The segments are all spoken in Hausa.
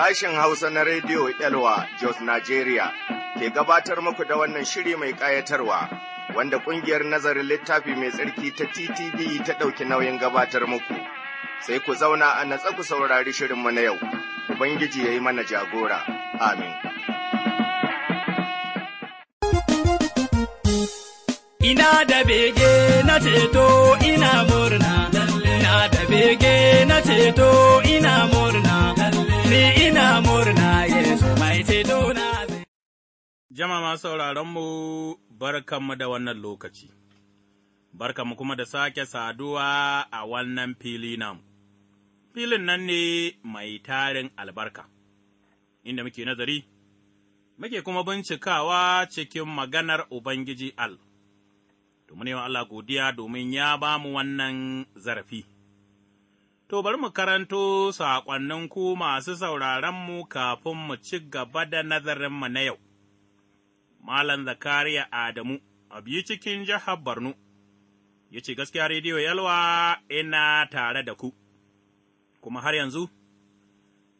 Sashen Hausa na Rediyo Elwa Jos Nigeria ke gabatar muku da wannan shiri mai ƙayatarwa wanda ƙungiyar nazarin littafi mai tsarki ta TTV ta ɗauki nauyin gabatar muku. Sai ku zauna a natsa ku saurari shirinmu na yau, Ubangiji ya yi mana jagora. Amin. Ina da bege na ceto ina murna, ina da bege na ceto ina murna. ni ina murna Yesu mai tedona zai. Jama ma sauraronmu barkanmu da wannan lokaci, barkanmu kuma da sake saduwa a wannan fili namu. Filin nan ne mai tarin albarka, inda muke nazari, muke kuma bincikawa cikin maganar Ubangiji Al. Domin yawan Allah godiya domin ya ba mu wannan zarafi. To, bari mu karanto saƙonnin ku masu sauraronmu kafin mu ci gaba da nazarinmu na yau. Malam Zakariya Adamu, a biyu cikin jihar Borno, ya ce gaskiya rediyo yalwa ina tare da ku, kuma har yanzu,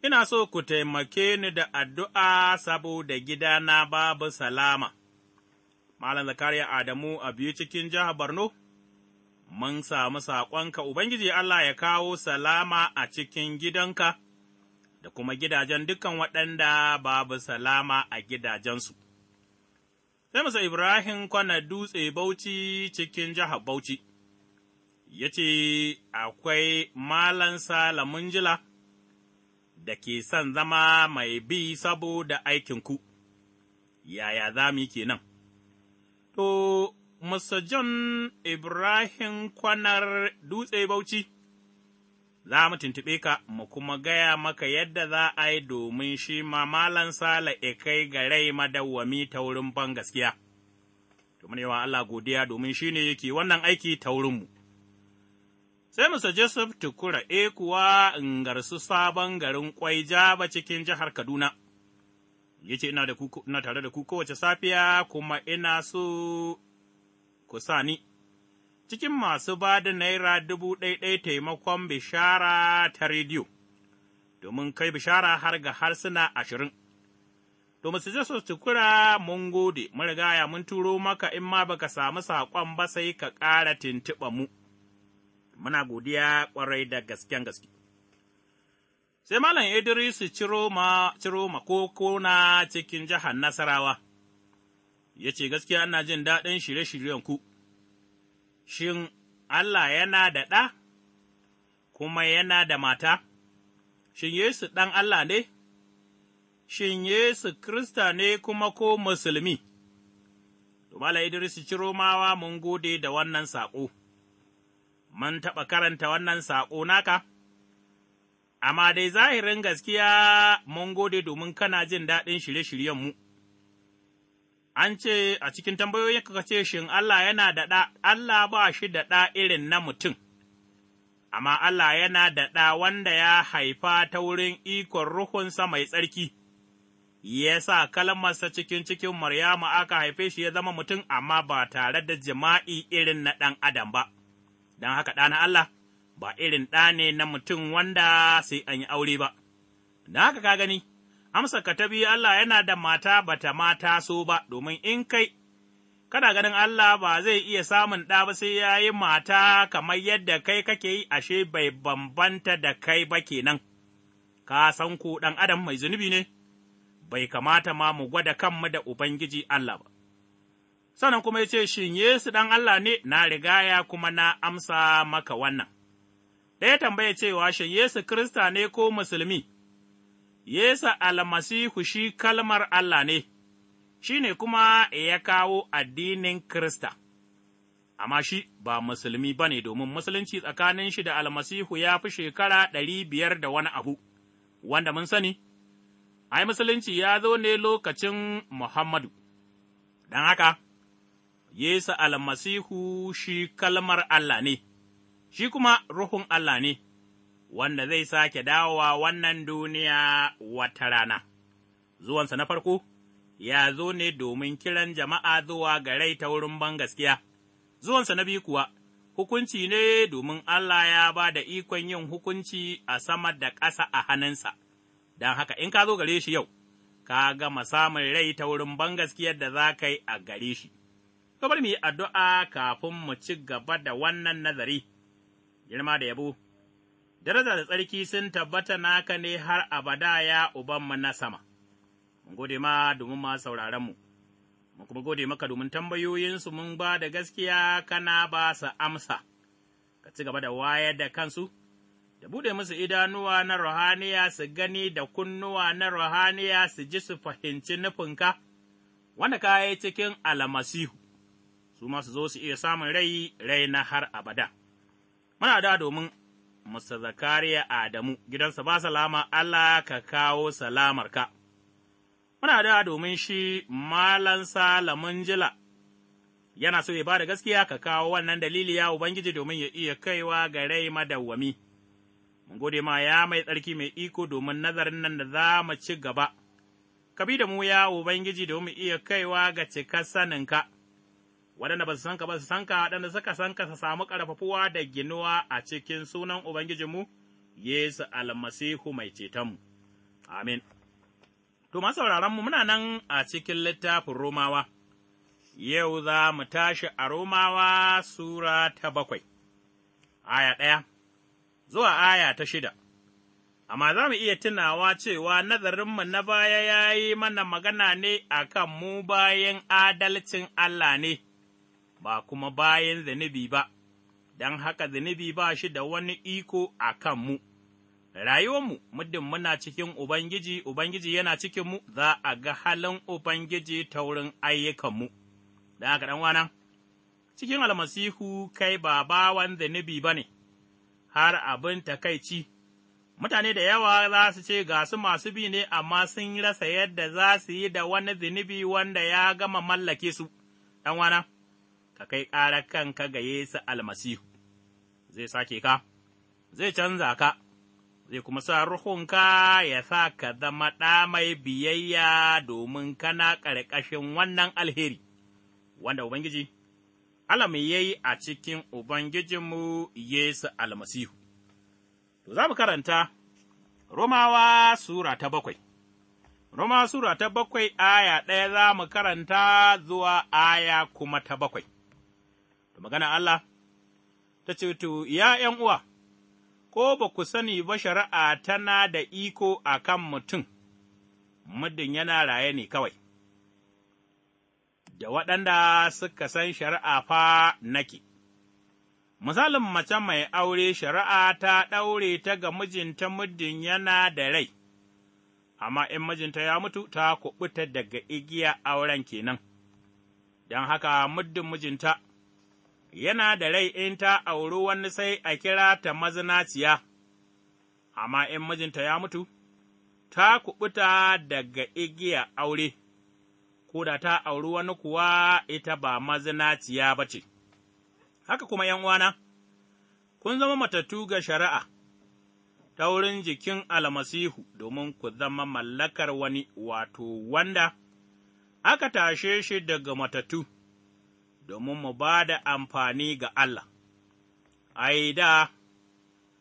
ina so ku taimake ni da addu'a saboda gidana babu salama. Malam Zakariya Adamu, a biyu cikin jihar Borno, mun samu saƙonka, Ubangiji Allah ya kawo salama a cikin gidanka da kuma gidajen dukan waɗanda babu salama a gidajensu. Sai masa Ibrahim kwana dutse Bauchi cikin jihar Bauchi, ya ce akwai Malan Salamun jila da ke son zama mai bi saboda aikinku, yaya za mu yi kenan? To, masajan Ibrahim Kwanar Dutse Bauchi, za mu tuntuɓe ka mu kuma gaya maka yadda za a yi domin shi ma Malam Sala e kai ga rai madawwami ta wurin ban gaskiya. Domin yawa Allah godiya domin shi ne yake wannan aiki ta wurinmu. Sai musa Joseph Tukura e kuwa in garsu sabon garin kwai jaba cikin jihar Kaduna. yace ina tare da ku kowace safiya kuma ina so ku sa ni, cikin masu ba da naira dubu ɗaiɗai taimakon bishara ta rediyo, domin kai bishara har ga harsuna ashirin. mu su su tukura mun gode, mun rigaya mun turo maka in ma baka samu saƙon ba sai ka ƙara tintiɓa mu. Muna godiya ƙwarai da gasken gaske. Sai Malam Idris ciro ma, ciro ma cikin jihar Nasarawa. ya ce, Gaskiya ana jin daɗin shirye-shiryen ku, shin Allah yana da ɗa, kuma yana da mata, shin Yesu ɗan Allah ne, shin Yesu Kirista ne kuma ko Musulmi? Tumala Idris romawa mun gode da wannan saƙo, mun taɓa karanta wannan saƙo naka? amma dai zahirin gaskiya mun gode domin kana jin daɗin shirye-shiryenmu. an ce a cikin tambayoyin ka ce shin Allah yana da ɗa, Allah ba shi da ɗa irin na mutum, amma Allah yana da ɗa wanda ya haifa ta wurin ikon ruhunsa mai tsarki, ya sa kalmarsa cikin cikin Maryamu aka haife shi ya zama mutum amma ba tare da jima'i irin na ɗan adam ba, don haka ɗana Allah ba irin ɗa ne na mutum wanda sai an yi aure ba, don haka ka gani. amsa ka ta biyu Allah yana da mata bata mata so ba, domin in kai, kana ganin Allah ba zai iya samun ɗa ba sai ya yi mata kamar yadda kai kake yi ashe bai bambanta da kai ba kenan, ka san ko ɗan adam mai zunubi ne, bai kamata ma mu gwada kanmu da Ubangiji Allah ba. sannan kuma ya ce, Shin Yesu ɗan Allah ne, na rigaya kuma na amsa maka wannan. Ɗaya tambaya cewa, Shin Yesu Kirista ne ko Musulmi? Yesu almasihu shi kalmar Allah ne, shi ne kuma ya kawo addinin Kirista, amma shi ba musulmi ba ne domin musulunci tsakanin shi da almasihu ya fi shekara ɗari biyar da wani abu, wanda mun sani, ai, musulunci ya zo ne lokacin Muhammadu, don haka, Yesu almasihu shi kalmar Allah ne, shi kuma Ruhun Allah ne. wanda zai sake dawowa wannan duniya wata rana. Zuwansa na farko, ya zo ne domin kiran jama'a zuwa ga rai ta wurin bangaskiya, zuwansa na biyu kuwa, hukunci ne domin Allah ya ba da ikon yin hukunci a sama da ƙasa a hannunsa, don haka in ka zo gare shi yau, ka gama samun rai ta wurin bangaskiyar da za ka yi a gare shi. Kamar mu yi addu'a kafin mu ci gaba da wannan nazari, girma da yabo. daraja da tsarki sun tabbata naka ne har abada ya Ubanmu na sama. Mun gode ma domin ma sauraronmu, mun kuma gode maka domin tambayoyinsu mun ba da gaskiya kana ba su amsa, ka ci gaba da wayar da kansu, da bude musu idanuwa na ruhaniya su gani da kunnuwa na ruhaniya su ji su fahimci nufinka, wanda ka yi cikin almasihu, su ma zo su iya samun rai, rai na har abada. Muna da domin musa Zakariya Adamu, gidansa ba salama, Allah ka kawo salamarka. Muna da domin shi malam Salamun Jila, yana so ya ba da gaskiya ka kawo wannan dalili ya Ubangiji domin ya iya kaiwa ga rai madawwami. Mun gode ma ya mai tsarki mai iko domin nazarin nan da za mu ci gaba, ka bi da mu ya Ubangiji domin iya kaiwa ga cika saninka. waɗanda ba su sanka ba su sanka, waɗanda suka sanka su samu ƙarfafuwa da ginuwa a cikin sunan Ubangijinmu, Yesu almasihu mai cetonmu. Amin. To, mu muna nan a cikin littafin Romawa, yau za mu tashi a Romawa Sura ta bakwai, aya ɗaya, zuwa aya ta shida. amma za mu iya tunawa cewa nazarinmu na baya ya yi mana magana ne a kan mu bayan adalcin Allah ne, ba kuma bayan zunubi ba, don haka zunubi ba shi da wani iko a kanmu. Rayuwanmu muddin muna cikin Ubangiji, Ubangiji yana cikinmu, za a ga halin Ubangiji ta wurin ayyukanmu. Don haka wana. cikin almasihu kai ba bawan zunubi ba ne, har abin takaici. mutane da yawa za su ce ga su masu bi ne, amma sun rasa yadda za su yi da wani zunubi wanda ya gama mallake su, ɗanwana, ka kai ƙarar kanka ga Yesu almasihu, zai sake ka, zai canza ka, zai kuma sa ruhunka ya sa ka zama ɗa mai biyayya domin kana ƙarƙashin wannan alheri, wanda Ubangiji, Alam ya yi a cikin Ubangijinmu Yesu almasihu. To, za mu karanta Romawa Sura ta bakwai. Roma Sura ta bakwai aya ɗaya za mu karanta zuwa aya kuma ta bakwai. da magana Allah, ta ce, To, ya uwa, ko ba ku sani ba shari'a tana da iko a kan mutum, muddin yana raye ne kawai, da waɗanda suka san shari'a fa nake. Misalin mace mai aure shari'a ta ɗaure ta ga mijinta muddin yana da rai, amma in mijinta ya mutu ta kuɓuta daga igiya auren kenan, don haka muddin mijinta yana da rai in ta auri wani sai a kira ta mazinaciya, amma in mijinta ya mutu, ta kuɓuta daga igiya aure, ko da ta auri wani kuwa ita ba mazinaciya ba ce. Haka kuma ’yan'uwana, kun zama matattu ga shari'a. ta wurin jikin almasihu domin ku zama mallakar wani wato wanda aka tashe shi daga matattu. domin mu ba da amfani ga Allah, ai, da,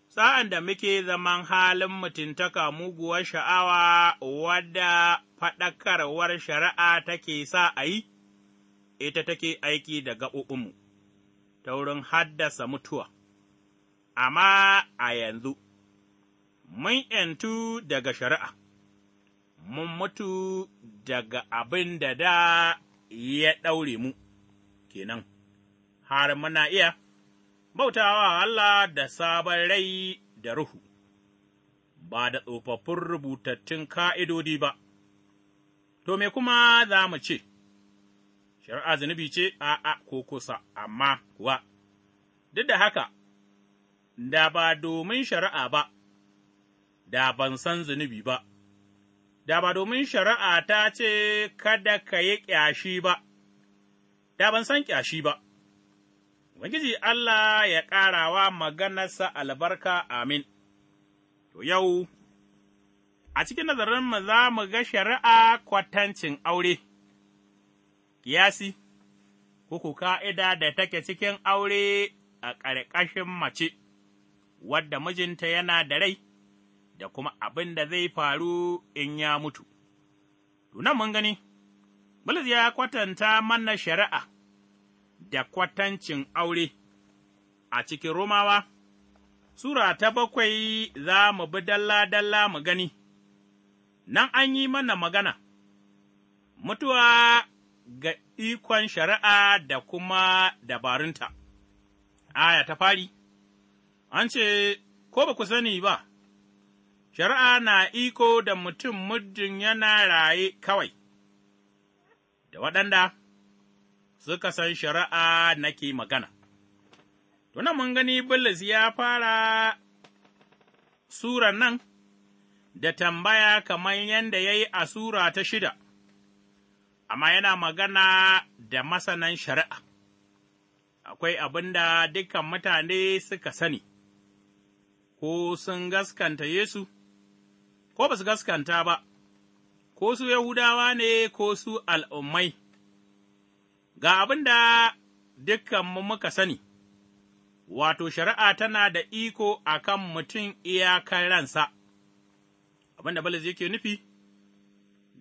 sa'an da muke zaman halin mutuntaka muguwar sha'awa wadda faɗakarwar shari'a take sa a yi, ita take aiki da gaɓuɓinmu ta wurin haddasa mutuwa, amma a yanzu, mun ’yantu daga shari'a, mun mutu daga abin da da ya ɗaure mu. kenan, har muna iya bautawa Allah da sabon rai da ruhu, ba da tsofaffin rubutattun ka'idodi ba, to me kuma za mu ce, shari'a zunubi ce a'a ko kusa, amma kuwa, duk da haka, da ba domin shari'a ba, da ban san zunubi ba. da ba domin shari'a ta ce kada ka yi ƙyashi ba, da ban san ƙyashi ba. Ubangiji Allah ya ƙarawa maganarsa albarka amin. To yau, a cikin nazarinmu za mu ga shari'a kwatancin aure, ƙiyasi, kuku ka'ida da take cikin aure a ƙarƙashin mace, wadda mijinta yana da rai, da kuma abin da zai faru in ya mutu. Tunan mun gani. Bulus ya kwatanta mana shari'a da kwatancin aure a cikin Romawa, Sura ta bakwai za mu bi dalla-dalla mu gani, nan an yi mana magana, mutuwa ga ikon shari'a da kuma dabarunta. Aya ta fari, an ce, Ko ba ku sani ba, shari'a na iko da mutum muddin yana raye kawai, da waɗanda suka san shari'a nake magana. Tuna mun gani Bulus ya fara Sura nan da tambaya kamar yadda ya yi a Sura ta shida, amma yana magana da masanan shari'a, akwai abin da dukan mutane suka sani, ko sun gaskanta Yesu, ko ba su gaskanta ba, ko su Yahudawa ne ko su al'ummai, ga abin da dukkanmu muka sani, wato, shari'a tana da iko a kan mutum iyakar ransa, abin da Balaz yake nufi,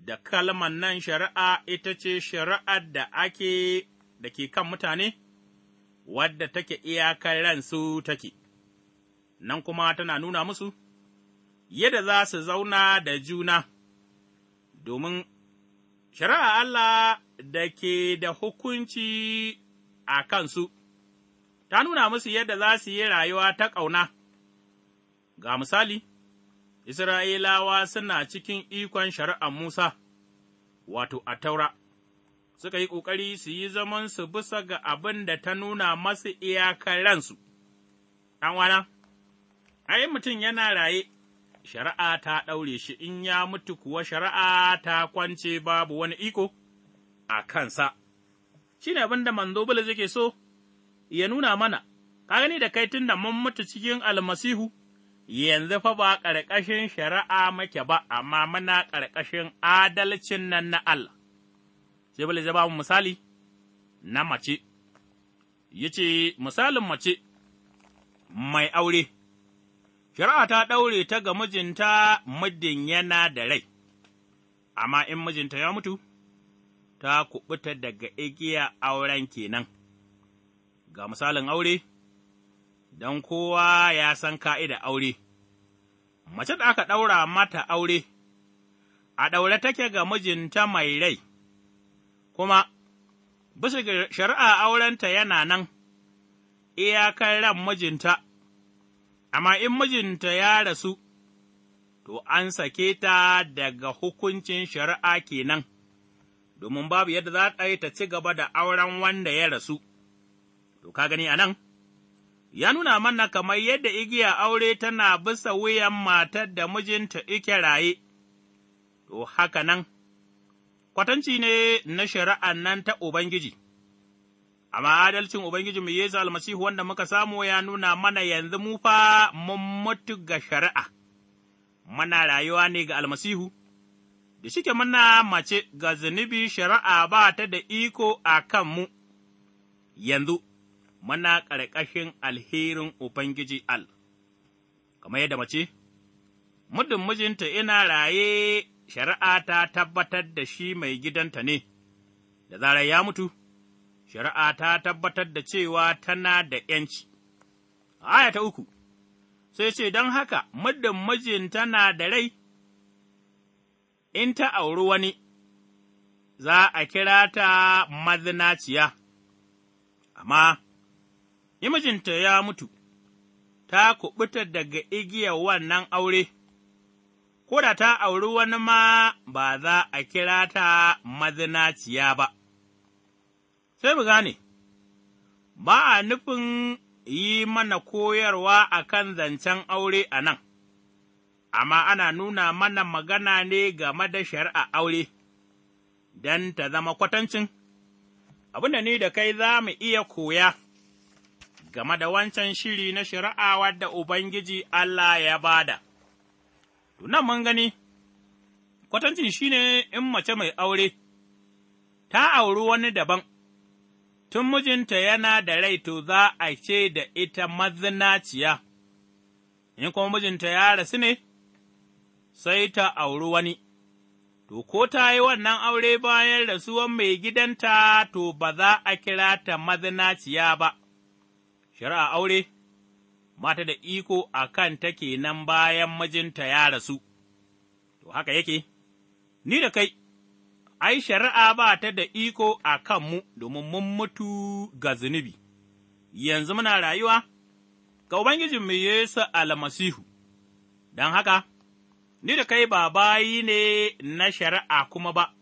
da kalman nan shari'a ita ce shari'ar da ake da ke kan mutane, wadda take iyakar ransu take, nan kuma tana nuna musu, yadda za su zauna da juna. domin shari'a Allah da ke da hukunci a kansu, ta nuna musu yadda za su yi rayuwa ta ƙauna. Ga misali, Isra'ilawa suna cikin ikon shari'ar Musa, wato a taura, suka yi ƙoƙari su yi su bisa ga abin da ta nuna masu iyakar ransu. ɗan wana, ai, mutum yana raye. shari'a ta ɗaure shi, in ya mutu kuwa shari'a ta kwance babu wani iko a kansa. Shi ne abin da manzo Bulus yake so ya nuna mana, ka gani da kai tun da mun mutu cikin almasihu, yanzu fa ba ƙarƙashin shari'a make ba, amma muna ƙarƙashin adalcin nan na Allah. Sai Bulus ya ba mu misali na mace, ya misalin mace mai aure. shari'a ta ɗaure ta ga mijinta muddin yana da rai, amma in mijinta ya mutu, ta kuɓuta daga igiya auren kenan. Ga misalin aure, don kowa ya san ka'ida aure, mace da aka ɗaura mata aure, a ɗaure take ga mijinta mai rai, kuma bisa shari'a aurenta yana nan, iyakar ran mijinta. amma in mijinta ya rasu, to an sake ta daga hukuncin shari'a kenan, domin babu yadda za ta yi ta ci gaba da auren wanda ya rasu, to ka gani a nan? Ya nuna mana kamar yadda igiya aure tana bisa wuyan matar da mijinta ike raye, to haka nan, kwatanci ne na shari'an nan ta Ubangiji. amma adalcin Ubangijinmu Yesu almasihu wanda muka samu ya nuna mana yanzu mu fa mun mutu ga shari'a, mana rayuwa ne ga almasihu, da shike muna mace ga zunubi shari'a ba ta da iko a kanmu, yanzu muna ƙarƙashin alherin Ubangiji Al, kamar yadda mace, muddin mijinta ina raye shari'a ta tabbatar da shi mai gidanta ne, da zarar ya mutu. shari'a ta tabbatar da cewa tana da ’yanci. Aya ta uku, sai ce, Don haka, muddin mijin tana da rai, in ta auri wani, za a kira ta mazinaciya, amma, mijinta ya mutu, ta kuɓuta daga igiyar wannan aure, ko ta auri wani ma ba za a kira ta mazinaciya ba. sai mu gane, ba a nufin yi mana koyarwa a kan zancen aure a nan, amma ana nuna mana magana ne game da shari'a aure, don ta zama kwatancin, abin da ni da kai za mu iya koya game da wancan shiri na shari'a wadda Ubangiji Allah ya bada. Tunan mun gani, kwatancin shi ne in mace mai aure, ta auri wani daban. tun mijinta yana da rai to za a ce da ita mazinaciya, in kuma mijinta ya rasu ne, sai ta auri wani, to, ko ta yi wannan aure bayan rasuwan mai gidanta to ba za a kira ta mazinaciya ba, shari'a aure, mata da iko a kan ta kenan bayan mijinta ya rasu, to haka yake, ni da kai. ai, shari'a ba ta da iko a kanmu domin mun mutu ga zunubi, yanzu muna rayuwa, ga Ubangijinmu Yesu almasihu, don haka, ni da kai ba bayi ne na shari'a kuma ba,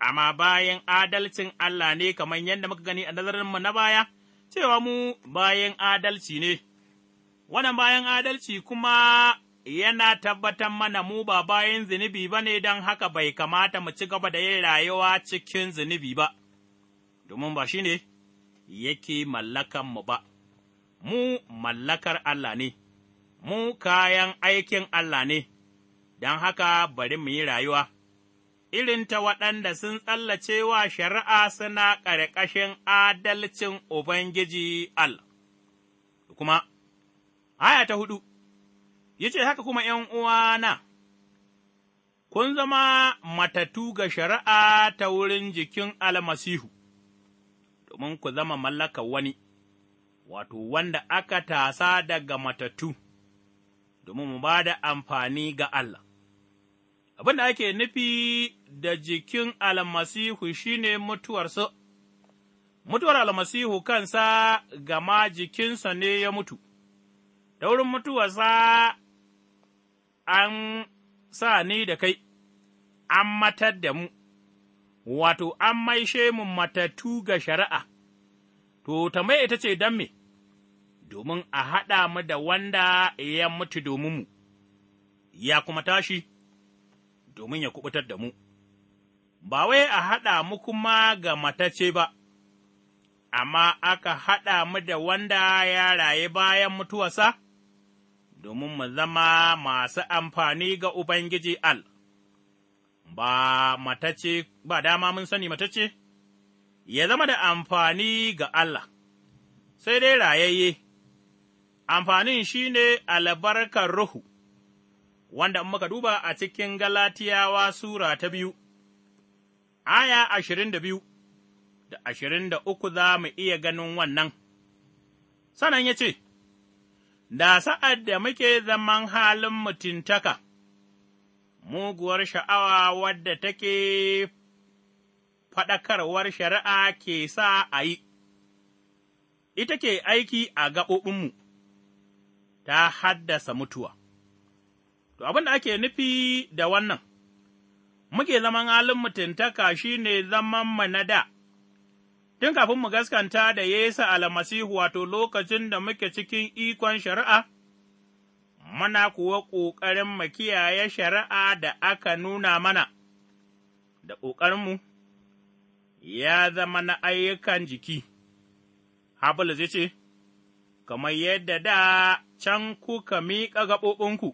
amma bayan adalcin Allah ne kamar yadda muka gani a nazarinmu na baya, cewa mu bayan adalci ne, wannan bayan adalci kuma yana tabbatar mana mu ba bayan zunubi ba ne don haka bai kamata mu ci gaba da yin rayuwa cikin zunubi ba, domin ba shi ne yake mallakanmu ba, mu mallakar Allah ne, mu kayan aikin Allah ne, don haka bari mu yi rayuwa. irin ta waɗanda sun tsallace wa shari'a suna ƙarƙashin adalcin Ubangiji Allah. Kuma, aya ta hudu. ya ce haka kuma ’yan uwana, kun zama matatu ga shari'a ta wurin jikin almasihu, domin ku zama mallaka wani, wato wanda aka tasa daga matatu, domin mu ba da amfani ga Allah. Abin da ake nufi da jikin almasihu shine mutuwarsa, mutuwar almasihu kansa gama jikinsa ne ya mutu. ta wurin mutuwarsa an sa ni da kai, an matar da mu, wato, an maishe mu matattu ga shari'a, to, tambaya ita ce don me, domin a haɗa mu da wanda ya mutu domin mu, ya kuma tashi domin ya kubutar da mu, ba wai a haɗa mu kuma ga matace ba. Amma aka haɗa mu da wanda ya raye bayan mutuwarsa? domin mu zama masu amfani ga Ubangiji Al, ba matace, ba dama mun sani matace, ya zama da amfani ga Allah, sai dai rayayye, amfanin shi ne albarkar Ruhu, wanda muka duba a cikin Galatiyawa Sura ta biyu, aya ashirin da biyu da ashirin da uku za mu iya ganin wannan, sanan ya ce, da sa'ad da muke zaman halin mutuntaka, muguwar sha'awa wadda take faɗakarwar shari'a ke sa a yi, ita ke aiki a gaɓoɓinmu, ta haddasa mutuwa. To, abin da ake nufi da wannan, muke zaman halin mutuntaka shi ne zaman na da. tun kafin mu gaskanta da Yesu almasihu wato lokacin da muke cikin ikon shari'a, muna kuwa ƙoƙarin mu kiyaye shari'a da aka nuna mana, da ƙoƙarinmu ya zama na ayyukan jiki, Habul zai ce, kamar yadda da can kuka miƙa gaɓoɓinku,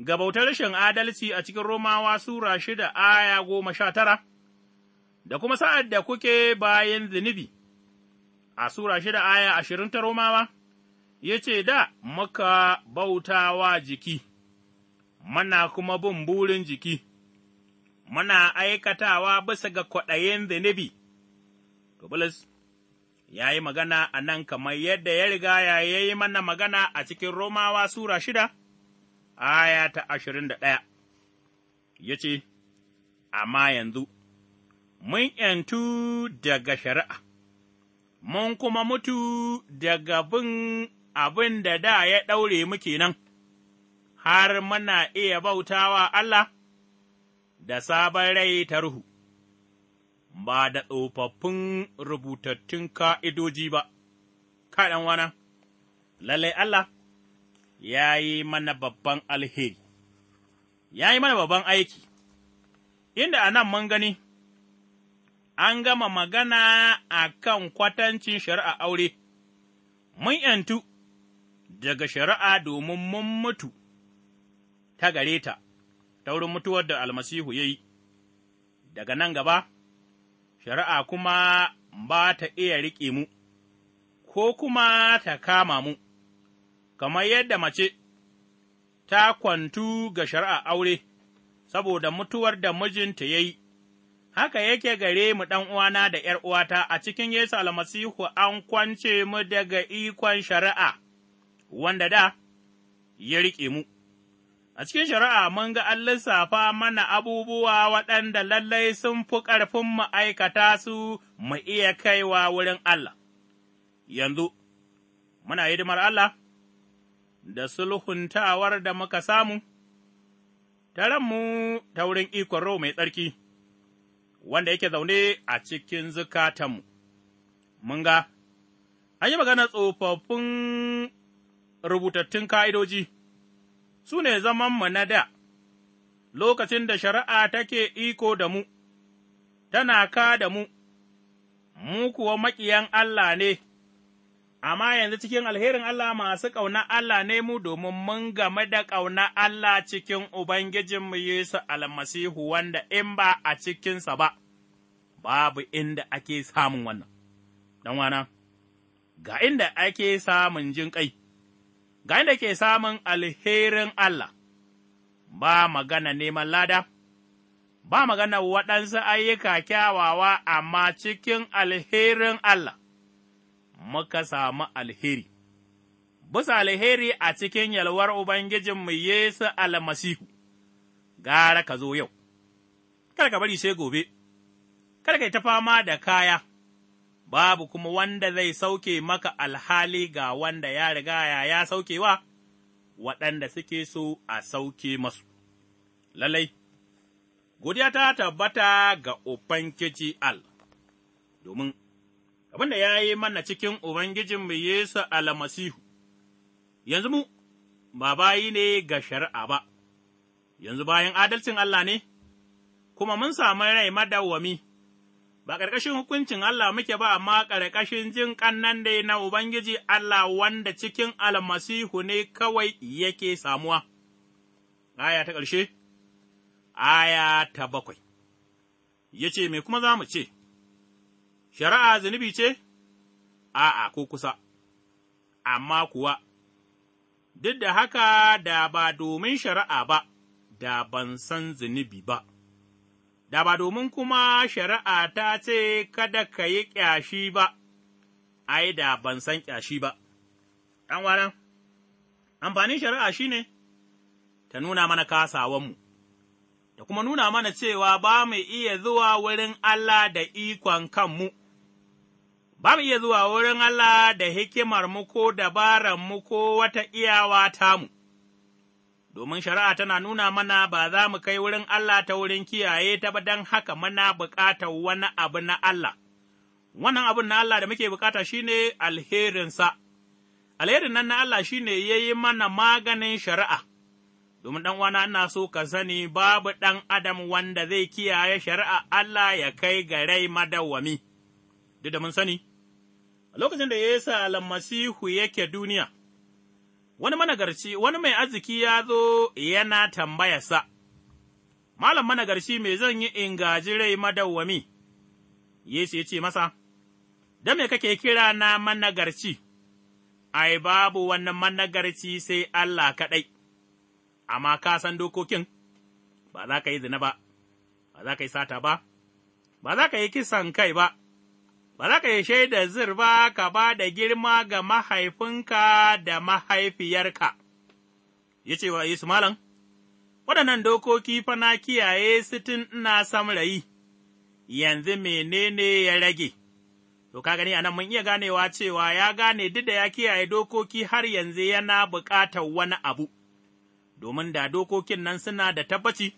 ga bautar rashin adalci a cikin Romawa Sura shida aya goma sha tara. da kuma sa'ad da kuke bayan zunubi, a Sura shida aya ashirin ta Romawa, ya ce, Da muka bauta wa jiki, mana kuma bin burin jiki, mana aikatawa bisa ga kwaɗayin zunubi. Tubulus ya yi magana a nan kamar yadda ya riga ya yi mana magana a cikin Romawa Sura shida, aya ta ashirin da ɗaya, ya ce, Amma yanzu. mun ’yantu daga shari'a, mun kuma mutu daga bin abin da da ya ɗaure mu kenan, har muna iya bautawa Allah da sabon rai ta ruhu, ba da tsofaffin rubutattun ka'idoji ba, kaɗan wana, lallai Allah ya yi mana babban alheri, ya yi mana babban aiki, inda a nan mun gani. an gama magana a kan kwatancin shari'a aure, mun ’yantu daga shari'a domin mun mutu ta gare ta, ta wurin mutuwar da almasihu ya yi, daga nan gaba, shari'a kuma ba ta iya riƙe mu, ko kuma ta kama mu, kamar yadda mace ta kwantu ga shari'a aure, saboda mutuwar da mijinta ya yi. haka yake gare mu ɗan uwana da ’yar uwata a cikin Yesu almasihu an kwance mu daga ikon shari'a, wanda da ya riƙe mu. A cikin shari'a mun ga an lissafa mana abubuwa waɗanda lallai sun fi ƙarfin ma'aikata su mu iya kaiwa wurin Allah. Yanzu, muna hidimar Allah da sulhuntawar da muka samu, ta ranmu ta wurin ikon mai tsarki. wanda yake zaune a cikin zukatanmu. Mun ga, an yi magana tsofaffin rubutattun ka'idoji, su ne mu na da, lokacin da shari'a take iko da mu, tana ka da mu, mu kuwa maƙiyan Allah ne. amma yanzu cikin alherin Allah masu ƙauna Allah ne mu domin mun game da ƙauna Allah cikin Ubangijinmu Yesu almasihu wanda in ba a cikinsa ba, babu inda ake samun wannan. Don wana, ga inda ake samun jin ƙai, ga inda ke samun alherin Allah, ba magana neman lada. Ba magana waɗansu ayyuka kyawawa, amma cikin alherin Allah, muka samu alheri, bisa alheri a cikin yalwar Ubangijinmu Yesu almasihu, gara ka zo yau, kar ka bari sai gobe, kar ka yi ta fama da kaya, babu kuma wanda zai sauke maka alhali ga wanda ya riga ya saukewa waɗanda suke so a sauke masu. Lallai, godiya ta tabbata ga Ubangiji Al, domin abin da ya yi mana cikin Ubangijin Ubangijinmu Yesu almasihu, yanzu mu ba bayi ne ga shari'a ba, yanzu bayan adalcin Allah ne, kuma mun sami rai madawwami, ba ƙarƙashin hukuncin Allah muke ba, amma ƙarƙashin jin ƙannan da na Ubangiji Allah wanda cikin almasihu ne kawai yake samuwa. Aya ta ƙarshe, aya ta bakwai, ya ce, Me kuma za mu ce?’ shari'a zunubi ce? A'a, ko kusa, amma kuwa, duk da haka da ba domin shari'a ba, da ban san zunubi ba, da ba domin kuma shari'a ta ce kada ka yi ƙyashi ba, ai, da ban san ƙyashi ba. ɗan wanan, amfanin shari'a shi ne, ta nuna mana kasawanmu, da kuma nuna mana cewa ba mu iya zuwa wurin Allah da ikon kanmu. ba mu iya zuwa wurin Allah da hikimar mu ko dabaran mu ko wata iyawa mu. domin shari'a tana nuna mana ba za mu kai wurin Allah ta wurin kiyaye ta ba don haka mana buƙatar wani abu na Allah. Wannan abun na Allah da muke bukata shine alherinsa, alherin nan na Allah shine ya yi mana maganin shari'a. domin ɗan uwana ina so ka sani babu ɗan adam wanda zai kiyaye shari'a Allah ya kai ga rai madawwami. Duk da mun sani, a lokacin da Yesu almasihu yake duniya, wani managarci, wani mai arziki ya zo yana tambayarsa, Malam managarci mai zan yi in rai madawwami, Yesu ya ce masa, Da me kake kira na managarci, ai, babu wannan managarci sai Allah kaɗai, amma ka san dokokin, ba za ka yi zina ba, ba za ka yi sata ba, ba za ka yi kisan kai ba. ba za ka yi shaida zir ba ka ba da girma ga mahaifinka da mahaifiyarka, ya ce wa Yesu Malam, waɗannan dokoki fana kiyaye sitin tun ina rayi yanzu menene ya rage, to ka gani anan mun iya ganewa cewa ya gane duk da ya kiyaye dokoki har yanzu yana buƙatar wani abu, domin da dokokin nan suna da tabbaci.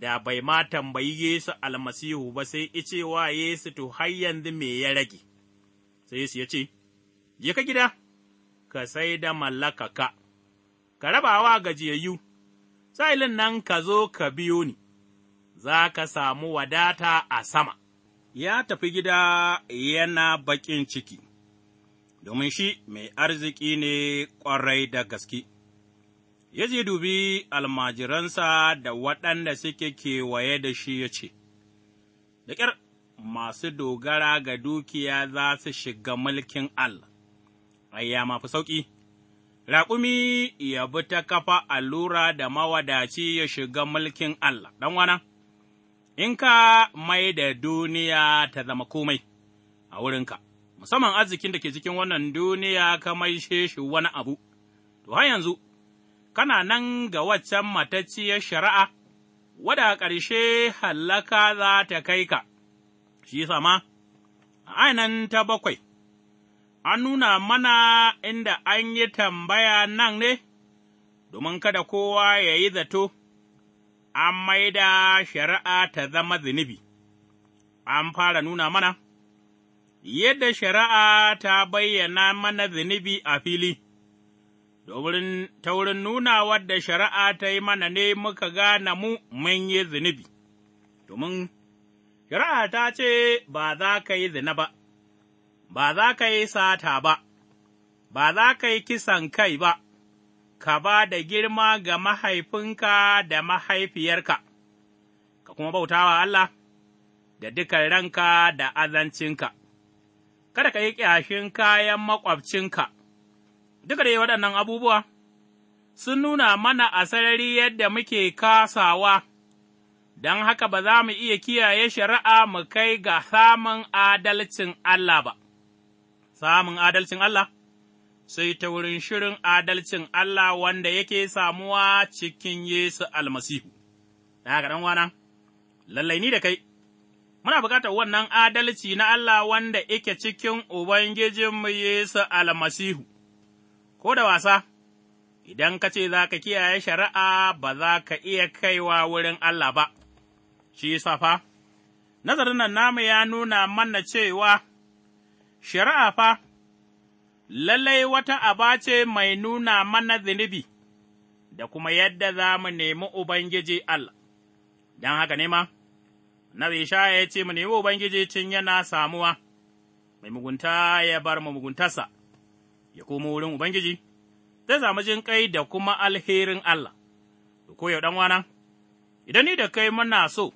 da bai ma tambayi Yesu almasihu ba sai ice wa Yesu to har yanzu me ya rage, sai Yesu ya ce, Je ka gida, ka sai da mallaka ka, ka rabawa gajiyayyu, sa'ilin nan ka zo ka biyo ni, za ka samu wadata a sama. Ya tafi gida yana baƙin ciki, domin shi mai arziki ne ƙwarai da gaske. ya je dubi almajiransa da waɗanda suke kewaye da shi ya ce, Da ƙyar masu dogara ga dukiya za su shiga mulkin Allah, ayya mafi sauƙi, raƙumi ya bi ta kafa allura da mawadaci ya shiga mulkin Allah, ɗan wana, in ka mai da duniya ta zama komai a wurinka, musamman arzikin da ke cikin wannan duniya ka mai shi wani abu, to har yanzu. kana nan ga waccan matacciyar shari'a, wadda ƙarshe hallaka za ta kai ka, shi sama, ainan ta bakwai, an nuna mana inda an yi tambaya nan ne, domin kada kowa ya yi zato, an maida shari'a ta zama zunubi, an fara nuna mana, yadda shari'a ta bayyana mana zunubi a fili. ta wurin nuna wadda shari'a ta yi mana ne muka gane mu mun yi zunubi, domin shari'a ta ce ba za ka yi zina ba, ba za ka yi sata ba, ba za ka yi kisan kai ba, ka ba da girma ga mahaifinka da mahaifiyarka, ka kuma bautawa Allah da dukan ranka da azancinka, kada ka yi ƙyashin kayan maƙwabcinka. Duka da waɗannan abubuwa sun nuna mana a sarari yadda muke kasawa, don haka ba za mu iya kiyaye shari'a mu kai ga samun adalcin Allah ba, samun adalcin Allah, sai ta wurin shirin adalcin Allah wanda yake samuwa cikin Yesu almasihu. Na haka ɗan wana, lallai ni da kai. muna bukatar wannan adalci na Allah wanda yake cikin Ubangijinmu Yesu almasihu, ko da wasa, idan ka ce za ka kiyaye shari'a ba za ka iya kaiwa wurin Allah ba, shi fa, nazarin nan namu ya nuna mana cewa shari'a fa, lallai wata aba ce mai nuna mana zunubi da kuma yadda za mu nemi Ubangiji Allah, don haka ne ma, Nabi sha ya ce mu nemi Ubangiji cin yana samuwa, mai mugunta ya bar mu muguntarsa. ya komo wurin Ubangiji, zai samu jin kai da kuma alherin Allah, da koyau ɗanwana, idan ni da kai muna so,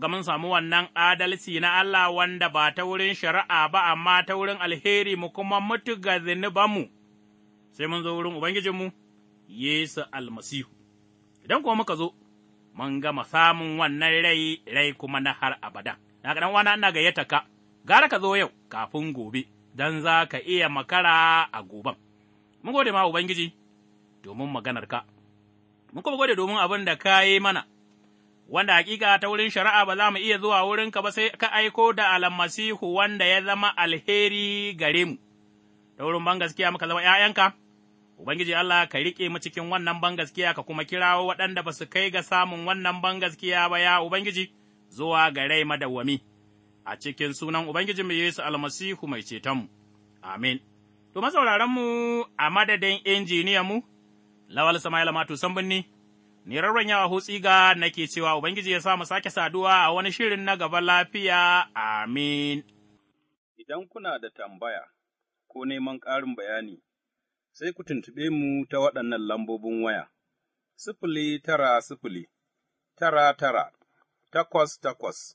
ga mun samu wannan adalci na Allah wanda ba ta wurin shari'a ba, amma ta wurin alheri mu kuma mutu ga zunubanmu, sai mun zo wurin Ubangijinmu, Yesu almasihu. Idan kuwa muka zo, mun gama samun wannan rai, rai kuma na har abada. Na ga wana ina gayyata ka, gara ka zo yau kafin gobe. don za ka iya makara a goban. Mun gode ma Ubangiji domin maganarka, mun kuma gode domin abin da ka yi mana, wanda hakika ta wurin shari'a ba za mu iya zuwa wurinka ba sai ka aiko da almasihu wanda ya zama alheri gare mu, ta wurin bangaskiya muka zama ’ya'yanka. Ubangiji Allah ka riƙe mu cikin wannan bangaskiya ka kuma kirawo waɗanda ba su kai ga samun wannan bangaskiya ba ya Ubangiji zuwa ga rai madawwami. a cikin sunan Ubangijinmu Yesu almasihu mai cetonmu, amin. To, mu a madadin injiniyanmu, Lawal Sama'ila Matu Sambunni, ni rarren yawa hutsi ga nake cewa Ubangiji ya samu sake saduwa a wani shirin na gaba lafiya, amin. Idan kuna da tambaya ko neman ƙarin bayani, sai ku tuntuɓe mu ta waɗannan lambobin waya, sifili tara sifili, tara tara, takwas takwas.